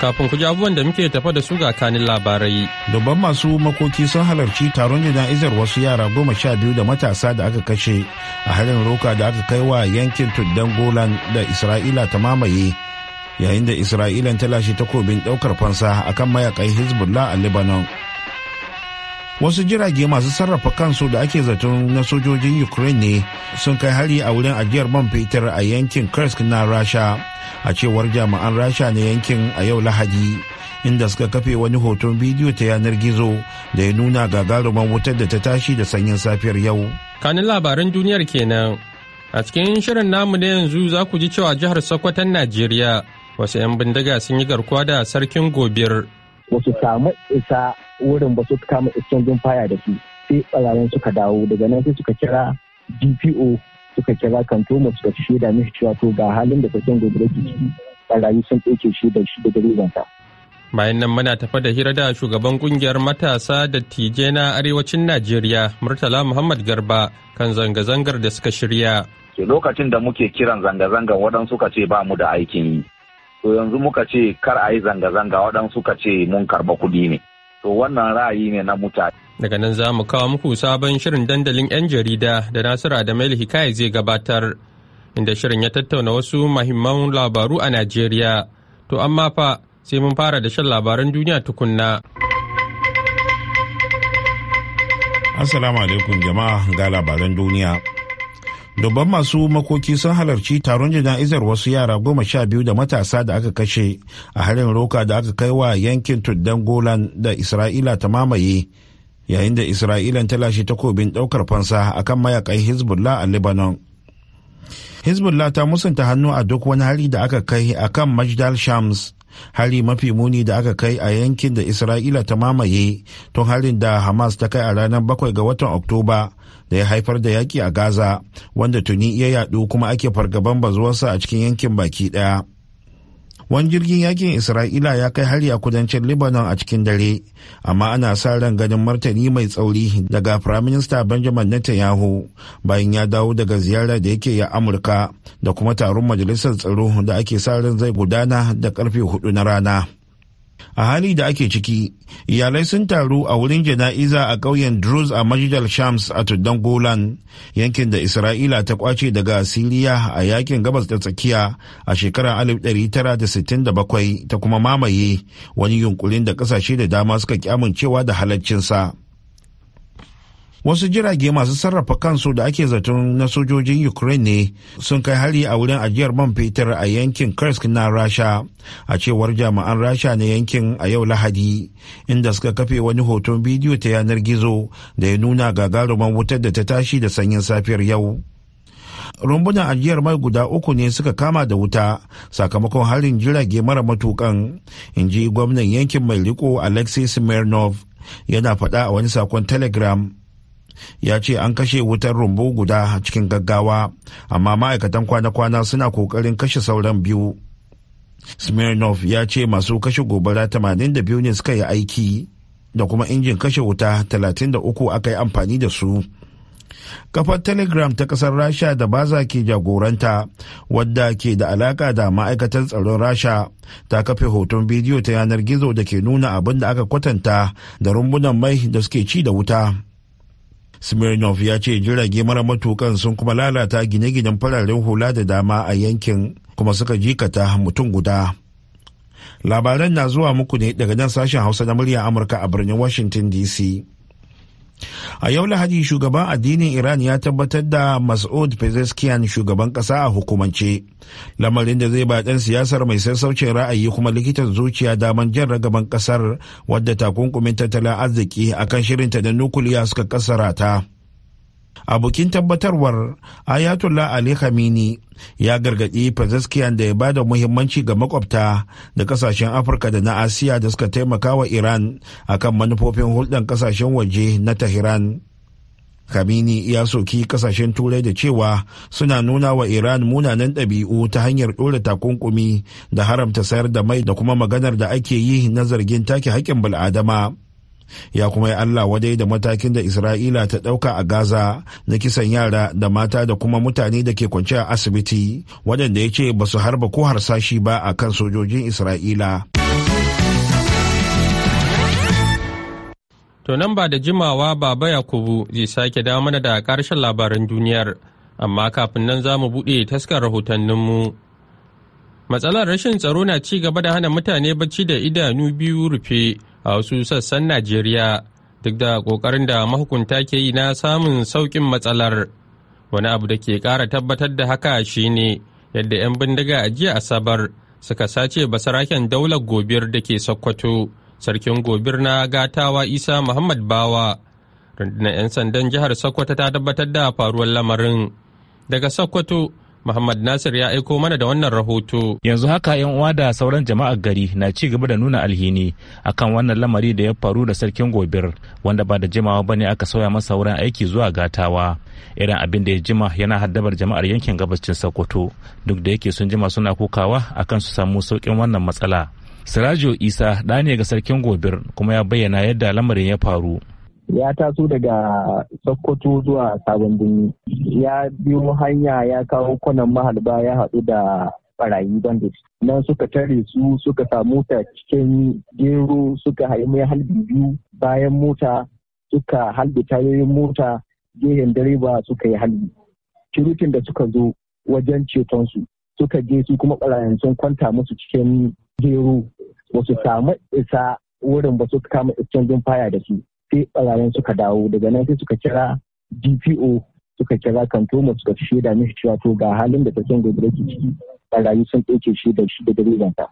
Kafin ku ji abubuwan da muke tafa da su ga kanin labarai. Dubban masu makoki sun halarci taron jana'izar wasu yara goma sha biyu da matasa da aka kashe a harin roka da aka kai wa yankin tuddan Golan da Isra'ila ta mamaye. Yayin da Isra'ilan ta lashe takobin ɗaukar fansa akan mayakai Hezbollah a Lebanon. wasu jirage masu sarrafa kansu da ake zaton na sojojin ukraine ne sun kai hari a wurin ajiyar man fetur a yankin kursk na rasha a cewar jama'an rasha na yankin a yau lahadi inda suka kafe wani hoton bidiyo ta yanar gizo da ya nuna gagaruman wutar da ta tashi da sanyin safiyar yau kanin labaran duniyar kenan a cikin shirin namu na yanzu za ku ji cewa jihar sokoton najeriya wasu 'yan bindiga sun yi garkuwa da sarkin gobir wasu samu isa wurin ba suka kama exchange fire da su sai barayin suka dawo daga nan sai suka kira dpo suka kira kanto kantoma suka fi shaida mishi cewa to ga halin da sarkin gobe ke ciki sun ɗauke shi da shi da zanta. bayan nan muna tafa da hira da shugaban kungiyar matasa da tije na arewacin najeriya murtala muhammad garba kan zanga-zangar da suka shirya lokacin da muke kiran zanga-zanga waɗansu suka ce ba mu da aikin yi to yanzu muka ce kar a yi zanga-zanga waɗansu suka ce mun karba kuɗi ne to wannan ra'ayi ne na mutane daga nan za mu kawo muku sabon shirin dandalin 'yan jarida da da Mail hikaya zai gabatar inda shirin ya tattauna wasu mahimman labaru a najeriya to amma fa sai mun fara da shan labaran duniya tukunna assalamu alaikum jama'a ga labaran duniya dubban masu makoki sun halarci taron jana'izar wasu yara goma sha biyu da matasa da aka kashe a harin roka da aka kai wa yankin tuddan golan da isra'ila ta mamaye yayin da isra'ilan ta lashe takobin daukar fansa akan mayakai hezbollah a lebanon hezbollah ta musanta hannu a duk wani hari da aka kai akan majdal shams hari mafi muni da aka kai a yankin da isra'ila ta mamaye tun harin da hamas ta kai a ranar 7 ga watan oktoba da ya haifar da yaƙi a gaza wanda tuni ya yadu kuma ake fargaban bazuwarsa a cikin yankin baki ɗaya wani jirgin yakin isra'ila ya kai hari a kudancin libanon a cikin dare amma ana sa ran ganin martani mai tsauri daga firaminista benjamin netanyahu bayan ya dawo daga ziyara da yake ya amurka da kuma taron majalisar tsaro da ake sa ran zai gudana da karfe hudu na rana a hali da ake ciki iyalai sun taru a wurin jana'iza a ƙauyen druz a majidal shams a tuddan golan yankin da isra'ila ta kwace daga siriya a yakin gabas da tsakiya a shekarar 1967 ta kuma mamaye wani yunkurin da ƙasashe da dama suka kyamun cewa da halaccinsa. wasu jirage masu sarrafa kansu da ake zaton na sojojin ukraine ne sun kai hari a wurin ajiyar man fetur a yankin kursk na rasha a cewar jami'an rasha na yankin a yau lahadi inda suka kafe wani hoton bidiyo ta yanar gizo da ya nuna gagaruman wutar da ta tashi da sanyin safiyar yau rumbunan ajiyar mai guda uku ne suka kama da wuta sakamakon harin jirage mara matukan in ji gwamnan yankin mai riko alexis smirnov yana faɗa a wani sakon telegram ya ce an kashe wutar rumbu guda cikin gaggawa amma ma'aikatan kwana-kwana suna kokarin kashe sauran biyu smirnov ya ce masu kashe gobara 82 ne suka yi aiki da kuma injin kashe wuta 33 aka yi amfani da su kafar telegram ta kasar rasha da baza ke jagoranta wadda ke da alaka da ma'aikatar tsaron rasha ta kafe hoton bidiyo ta yanar gizo da ke nuna abin da aka kwatanta da rumbunan mai da suke ci da wuta smirnov ya ce jirage mara matukan sun kuma lalata gine-ginen fararen hula da dama a yankin kuma suka jikata mutum guda labaran na zuwa muku ne daga nan sashen hausa na murya amurka a birnin washington dc a yau lahadi shugaban addinin iran ya tabbatar da mas'ud pezeskiyan shugaban kasa a hukumance lamarin da zai ba dan siyasar mai sassaucin ra'ayi kuma likitan zuciya daman jan ragaban kasar wadda takunkumin tattalin arziki akan shirinta da nukuliya suka kasara ta abokin tabbatarwar ayatollah ali khamenei ya gargaɗi Pezeskiyan da ya ba da muhimmanci ga makwabta da kasashen afirka da na asiya da suka taimaka wa iran akan manufofin hulɗar kasashen waje na tehran kamini ya soki kasashen turai da cewa suna nuna wa iran munanan ɗabi'u ta hanyar ɗora takunkumi da haramta sayar da mai da kuma maganar da ake yi na zargin take haƙƙin bil'adama. ya kuma yi allah wadai da matakin da isra'ila ta ɗauka a gaza na kisan yara da mata da kuma mutane da ke kwance a asibiti waɗanda ya ce ba su harba ko harsashi ba a kan sojojin isra'ila to nan ba da jimawa baba yakubu zai sake dawo mana da karshen labaran duniyar amma kafin nan za mu buɗe taskar rahotanninmu matsalar rashin tsaro na ci gaba da hana mutane bacci da idanu biyu rufe a wasu sassan najeriya duk da ƙoƙarin da mahukunta ke yi na samun sauƙin matsalar wani abu da ke kara tabbatar da haka shine yadda 'yan bindiga a jiya asabar suka sace basaraken daular gobir da ke sokoto sarkin gobir na gatawa isa muhammad bawa rundunar 'yan sandan jihar sokoto ta tabbatar da faruwar lamarin daga sokoto Muhammad Nasir ya aiko mana da wannan rahoto. Yanzu haka yan uwa da sauran jama'ar gari na ci gaba da nuna alhini akan wannan lamari da ya faru da sarkin gobir wanda ba da jimawa bane aka sauya masa wurin aiki zuwa gatawa. Irin abin da ya jima yana haddabar jama'ar yankin gabashin Sokoto duk da yake sun jima suna kokawa akan su samu saukin wannan matsala. Sirajo Isa ɗa ne ga sarkin gobir kuma ya bayyana yadda lamarin ya faru. ya taso daga sokoto zuwa sabon birni ya biyo hanya ya kawo kwanan mahalba ya haɗu da barayi bandit nan suka tare su suka samu mota cikin gero suka hayi mai halbi biyu bayan mota suka halbi tayoyin mota gehen direba suka yi halbi Kirutin da suka zo wajen cetonsu suka je su kuma barayin sun kwanta musu cikin gero ba su samu isa wurin ba suka kama exchanging faya da su sai ɓarayen suka dawo daga nan sai suka kira dpo suka kira kantoma suka shaida mishi cewa to ga halin da ta tafiyan gobe ke ciki ɓarayi sun ɗauke shi da shi da direban ta.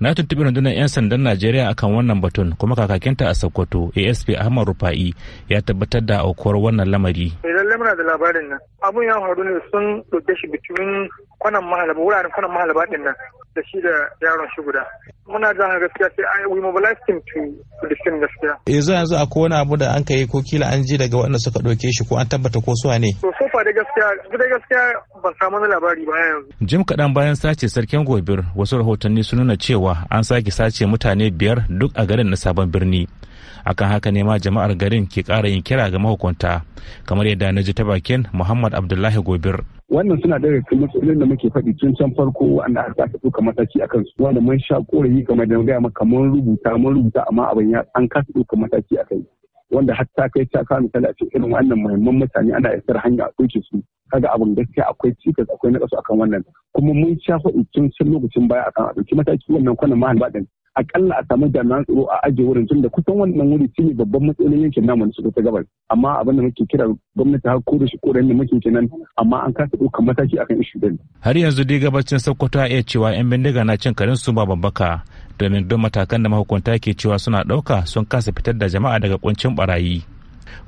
na tuntuɓi rundunar 'yan sandan najeriya akan wannan batun kuma kakakinta a sokoto asp ahmad rufa'i ya tabbatar da aukuwar wannan lamari eh, lallai muna da labarin nan abun ya faru ne sun ɗauke shi bitumin kwanan mahalaba wuraren kwanan mahalaba ɗin nan da shi da yaron shi guda muna jan gaskiya sai an we mobilizing to to defend gaskiya yanzu eh, yanzu akwai wani abu da an kai ko kila an ji daga waɗanda suka ɗauke shi ko an tabbata ko suwa ne to so far da gaskiya gaskiya ban samu wani labari ba yanzu jim kaɗan bayan sace sarkin gobir wasu rahotanni sun nuna cewa an sake sace mutane biyar duk a garin na sabon birni akan haka ne ma jama'ar garin ke ƙara yin kira ga mahukunta kamar yadda na ji ta bakin muhammad abdullahi gobir wannan suna daga cikin matsalolin da muke faɗi tun can farko wanda aka aka ɗauka mataki akan su wanda mun sha korafi game da gaya maka mun rubuta mun rubuta amma abin ya an kasa ɗauka mataki kai. wanda har ta kai ta kawo misali a cikin irin wannan muhimman mutane ana isar hanya a ɗauke su kaga abin gaskiya akwai cikas akwai na akan wannan kuma mun sha faɗi tun can lokacin baya akan a ɗauki mataki wannan kwanan mahal baɗin akalla a samu jami'an tsaro a ajiye wurin tun da kusan wannan wuri shine babban matsalolin yankin namu su ta gabas amma abin da muke kira gwamnati har ko da shi koren da muke kenan amma an kasa ɗaukar mataki akan ishu din har yanzu dai gabacin sokoto ya cewa yan bindiga na cin karin su ba babbaka domin don matakan da mahukunta ke cewa suna dauka sun kasa fitar da jama'a daga kuncin barayi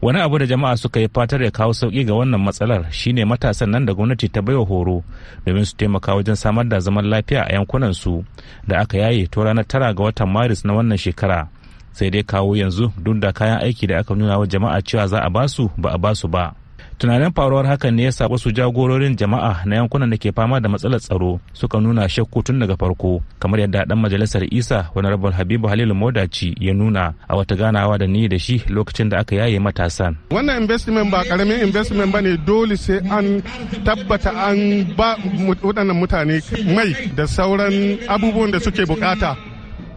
wani abu da jama'a suka yi fatar ya kawo sauki ga wannan matsalar shine matasan nan da gwamnati ta baiwa horo domin su taimaka wajen samar da zaman lafiya a yankunan su da aka yaye to ranar tara ga watan maris na wannan shekara sai dai kawo yanzu duk da kayan aiki da aka nuna wa jama'a cewa za a basu ba a basu ba tunanin faruwar hakan ne ya saba su jagororin jama'a na yankunan da ke fama da matsalar tsaro suka nuna shakku tun daga farko kamar yadda dan majalisar isa wani rabon habibu halilu modaci ya nuna a wata ganawa da ni da shi lokacin da aka yaye matasan wannan investment ba karamin investment ba ne dole sai an tabbata an ba waɗannan mutane mai da sauran abubuwan da suke bukata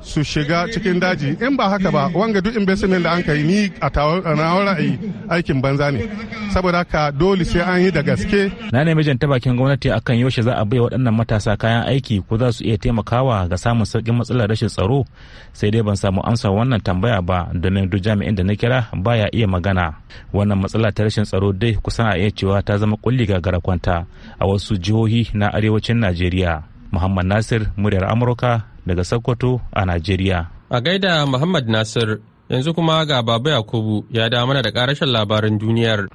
su shiga cikin daji in ba haka ba wanga duk investment da an kai ni a tawarar aikin banza ne saboda haka dole sai an yi da gaske na ne mijin ta bakin gwamnati akan yaushe za a bai waɗannan matasa kayan aiki ko za su iya taimakawa ga samun sauƙin matsalar rashin tsaro sai dai ban samu amsa wannan tambaya ba domin duk jami'in da na kira baya iya magana wannan matsala ta rashin tsaro dai kusan a iya cewa ta zama kulli ga kwanta a wasu jihohi na arewacin najeriya muhammad nasir muryar amurka daga Sokoto a Najeriya. A gaida Muhammad Nasir yanzu kuma ga Baba Yakubu ya da mana da karashin labarin duniyar.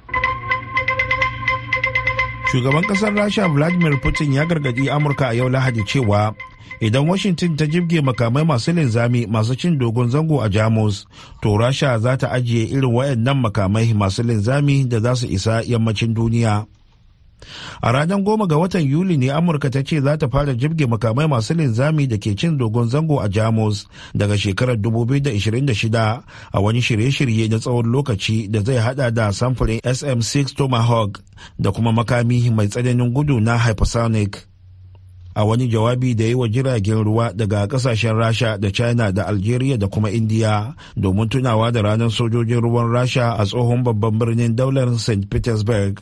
Shugaban kasar Rasha Vladimir Putin ya gargadi Amurka a yau Lahadi cewa idan Washington ta jibge makamai masu linzami masu cin dogon zango a Jamus, to Rasha za ta ajiye irin wayannan makamai masu linzami da za su isa yammacin duniya. a ranar goma ga watan yuli ne amurka ta ce za ta fara jibge makamai masu linzami da ke cin dogon zango a jamus daga shekarar 2026 a wani shirye-shirye na tsawon lokaci da zai hada da samfurin sm6 tomahawk da kuma makami mai tsananin gudu na hypersonic a wani jawabi da yi wa jiragen ruwa daga kasashen rasha da china da algeria da kuma india domin tunawa da ranar sojojin ruwan rasha a tsohon babban birnin daular st petersburg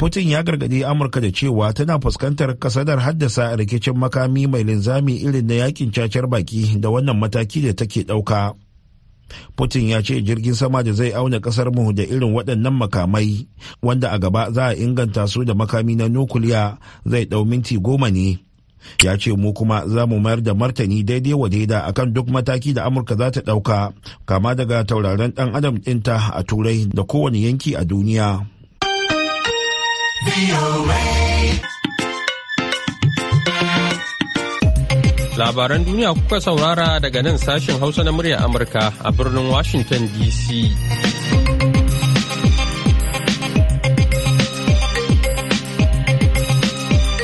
Putin ya gargadi Amurka da cewa tana fuskantar kasadar haddasa rikicin makami mai linzami irin na yakin cacar baki da wannan mataki da take ɗauka. Putin ya ce jirgin sama da zai auna kasar mu da irin waɗannan makamai wanda a gaba za a inganta su da makami na nukuliya zai ɗau minti goma ne. Ya ce mu kuma za mu mayar da martani daidai wa daida akan duk mataki da Amurka za ta ɗauka kama daga tauraron ɗan adam ɗinta a turai da kowane yanki a duniya. Labaran duniya kuka saurara daga nan sashen Hausa na murya Amurka a birnin Washington DC.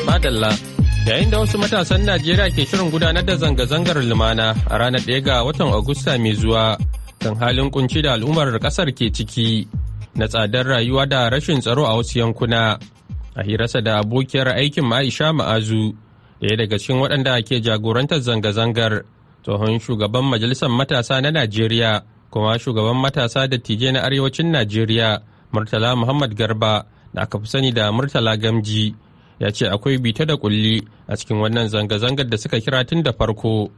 Madalla Yayin da wasu matasan Najeriya ke shirin gudanar da zanga-zangar lumana a ranar ɗaya ga watan Agusta mai zuwa kan halin kunci da al'ummar ƙasar ke ciki. na tsadar rayuwa da rashin tsaro a wasu yankuna a hirarsa da abokiyar aikin ma'aisha ma'azu ɗaya daga cikin waɗanda ke jagorantar zanga-zangar tsohon shugaban majalisar matasa na najeriya kuma shugaban matasa da tije na arewacin najeriya murtala muhammad garba da aka fi sani da murtala gamji ya ce akwai bita da kulli a cikin wannan zanga-zangar da suka kira tun da farko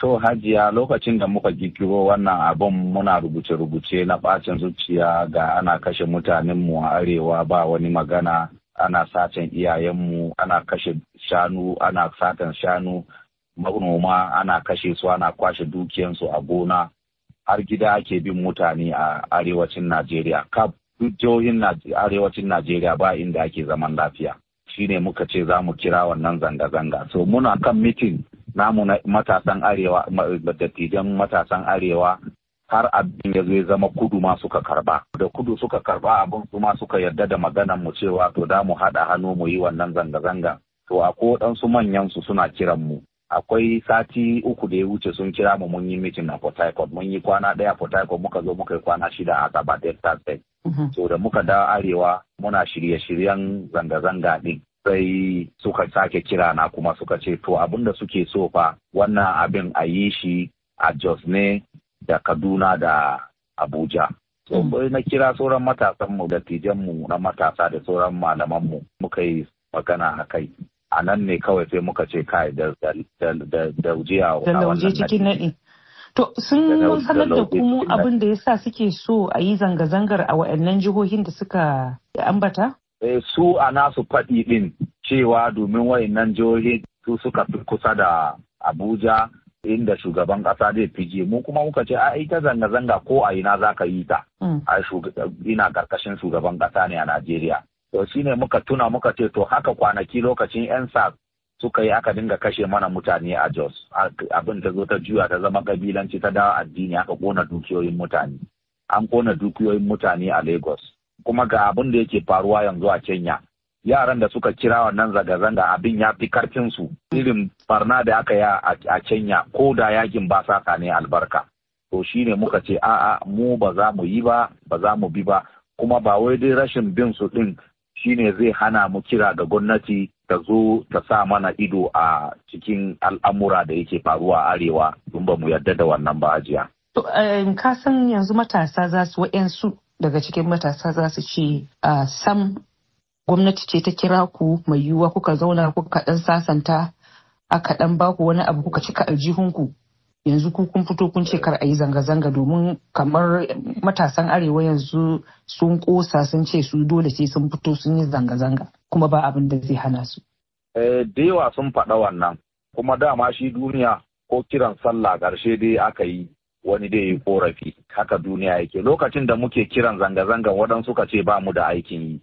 To hajiya lokacin da muka kikiro wannan abin muna rubuce-rubuce na bacin zuciya ga ana kashe mutanenmu a arewa ba wani magana ana satan iyayenmu ana kashe shanu ana satan shanu manoma ana kashe su ana kwashe dukiyansu a gona har gida ake bin mutane a arewacin Najeriya kaf duk jihohin arewacin Najeriya ba inda ake zaman lafiya shine muka ce za mu kira wannan zanga-zanga so muna kan mitin namu na matasan arewa dattijan matasan arewa har abin ya zai zama kudu ma suka karba da kudu suka karba abin kuma suka yarda da maganan mu cewa to da mu haɗa hannu mu yi wannan zanga-zanga to akwai waɗansu manyan su suna kiran mu akwai sati uku da ya wuce sun kira mu mun yi mitin a Port Harcourt mun yi kwana ɗaya Port Harcourt muka zo muka yi kwana shida a gaba Delta State mm-hmm. To da muka dawo arewa muna shirye-shiryen zanga-zanga ɗin sai suka sake kira na kuma suka ce to abin da suke so fa wannan abin a yi shi a Jos ne da Kaduna da Abuja. So mm. na kira sauran matasanmu da tijanmu na matasa da sauran malamanmu muka yi magana a kai. A nan ne kawai sai muka ce kai da daujiya da lauje cikin To sun sanar da kuma abin da ya sa suke so a yi zanga-zangar a wa'annan jihohin da suka ambata? Eh, su a nasu faɗi ɗin cewa domin wayannan jihohi su suka fi kusa da Abuja inda shugaban ƙasa zai fije mu kuma muka ce a ita zanga-zanga ko a ina za ka yi ta mm. a ina ƙarƙashin shugaban ƙasa ne a Najeriya. To shi ne muka tuna muka ce to haka kwanaki lokacin 'yan sa suka yi aka dinga kashe mana mutane a Jos abin ta zo ta juya ta zama kabilanci ta dawo addini aka kona dukiyoyin mutane. An kona dukiyoyin mutane a Lagos. kuma ga abin da yake faruwa yanzu a Kenya. Yaran da suka kira wannan zanga-zanga abin ya fi karfinsu irin barna da aka yi a Kenya ko da yakin ba sa ne albarka. To shi ne muka ce a'a mu ba za mu yi ba ba za mu bi ba kuma ba wai dai rashin bin su ɗin shi ne zai hana mu kira ga gwamnati ta zo ta sa mana ido a cikin al'amura da yake faruwa a arewa don ba mu yarda da wannan ba ajiya. To, eh, ka san yanzu matasa za su daga cikin matasa za su ce a sam gwamnati ce ta kira ku mai yiwuwa kuka zauna kuka ɗan sasanta aka ɗan baku wani abu kuka cika aljihunku yanzu ku kun fito kun ce kar a yi zanga-zanga domin kamar matasan arewa yanzu sun kosa sun ce su dole sai sun fito sun yi zanga-zanga kuma ba abin da zai hana su. Eh, da sun faɗa wannan kuma dama shi duniya ko kiran sallah ƙarshe dai aka yi wani dai yi korafi haka duniya yake lokacin da muke kiran zanga-zanga waɗansu ka ce ba mu da aikin yi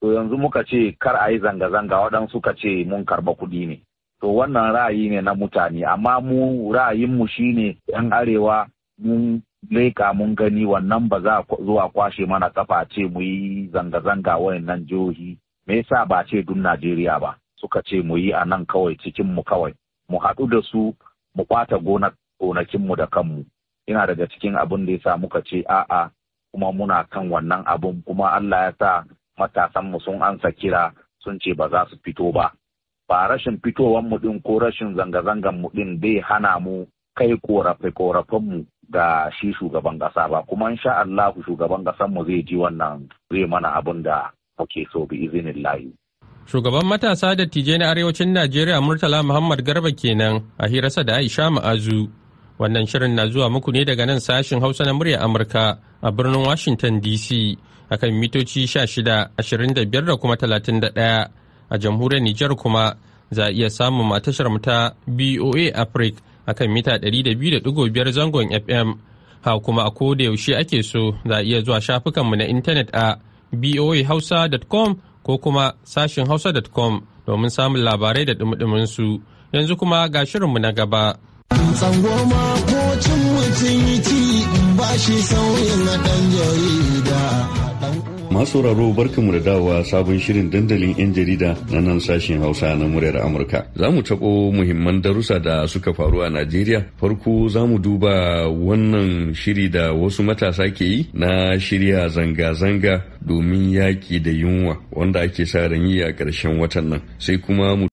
to yanzu muka ce kar a yi zanga-zanga waɗansu ka ce mun karba kuɗi ne to wannan ra'ayi ne na mutane amma mu ra'ayinmu shine yan arewa mun leka mun gani wannan ba za zuwa kwashe mana kafa ce mu yi zanga-zanga wayannan jihohi me yasa ba ce dun Najeriya ba suka ce mu yi a nan kawai cikin mu kawai mu haɗu da su mu kwata gonakinmu da kanmu yana daga cikin abin da ya sa muka ce a'a kuma muna kan wannan abun kuma Allah ya sa matasanmu sun ansa kira sun ce ba za su fito ba ba rashin fitowar mu din ko rashin zanga-zangan mu ɗin bai hana mu kai korafe-korafen mu ga shi shugaban ƙasa ba kuma in sha Allah shugaban kasan mu zai ji wannan zai mana abun da muke so bi izinin layi Shugaban matasa da tije na arewacin Najeriya Murtala Muhammad Garba kenan a hirarsa da Aisha Ma'azu. Wannan shirin na zuwa muku ne daga nan sashin Hausa na murya Amurka a birnin Washington DC akan mitoci 16, da kuma 31 a jamhuriyar Nijar kuma za a iya samun matashar ta BOA Africa akan mita 200.5 zangon FM. Ha kuma a koda yaushe ake so za a iya zuwa shafukanmu na intanet a boahausa.com ko kuma sashin hausa.com domin samun labarai da dumudumin su. Yanzu kuma ga shirinmu na gaba. tsangwama ko cin mutum ci ba shi sauyin na ɗan jarida. Masu raro barkanmu da dawowa sabon shirin dandalin 'yan jarida na nan sashen Hausa na muryar Amurka. Za mu taɓo muhimman darussa da suka faru a Najeriya. Farko za mu duba wannan shiri da wasu matasa ke yi na shirya zanga-zanga domin yaƙi da yunwa wanda ake sa ran yi a ƙarshen watan nan. Sai kuma mu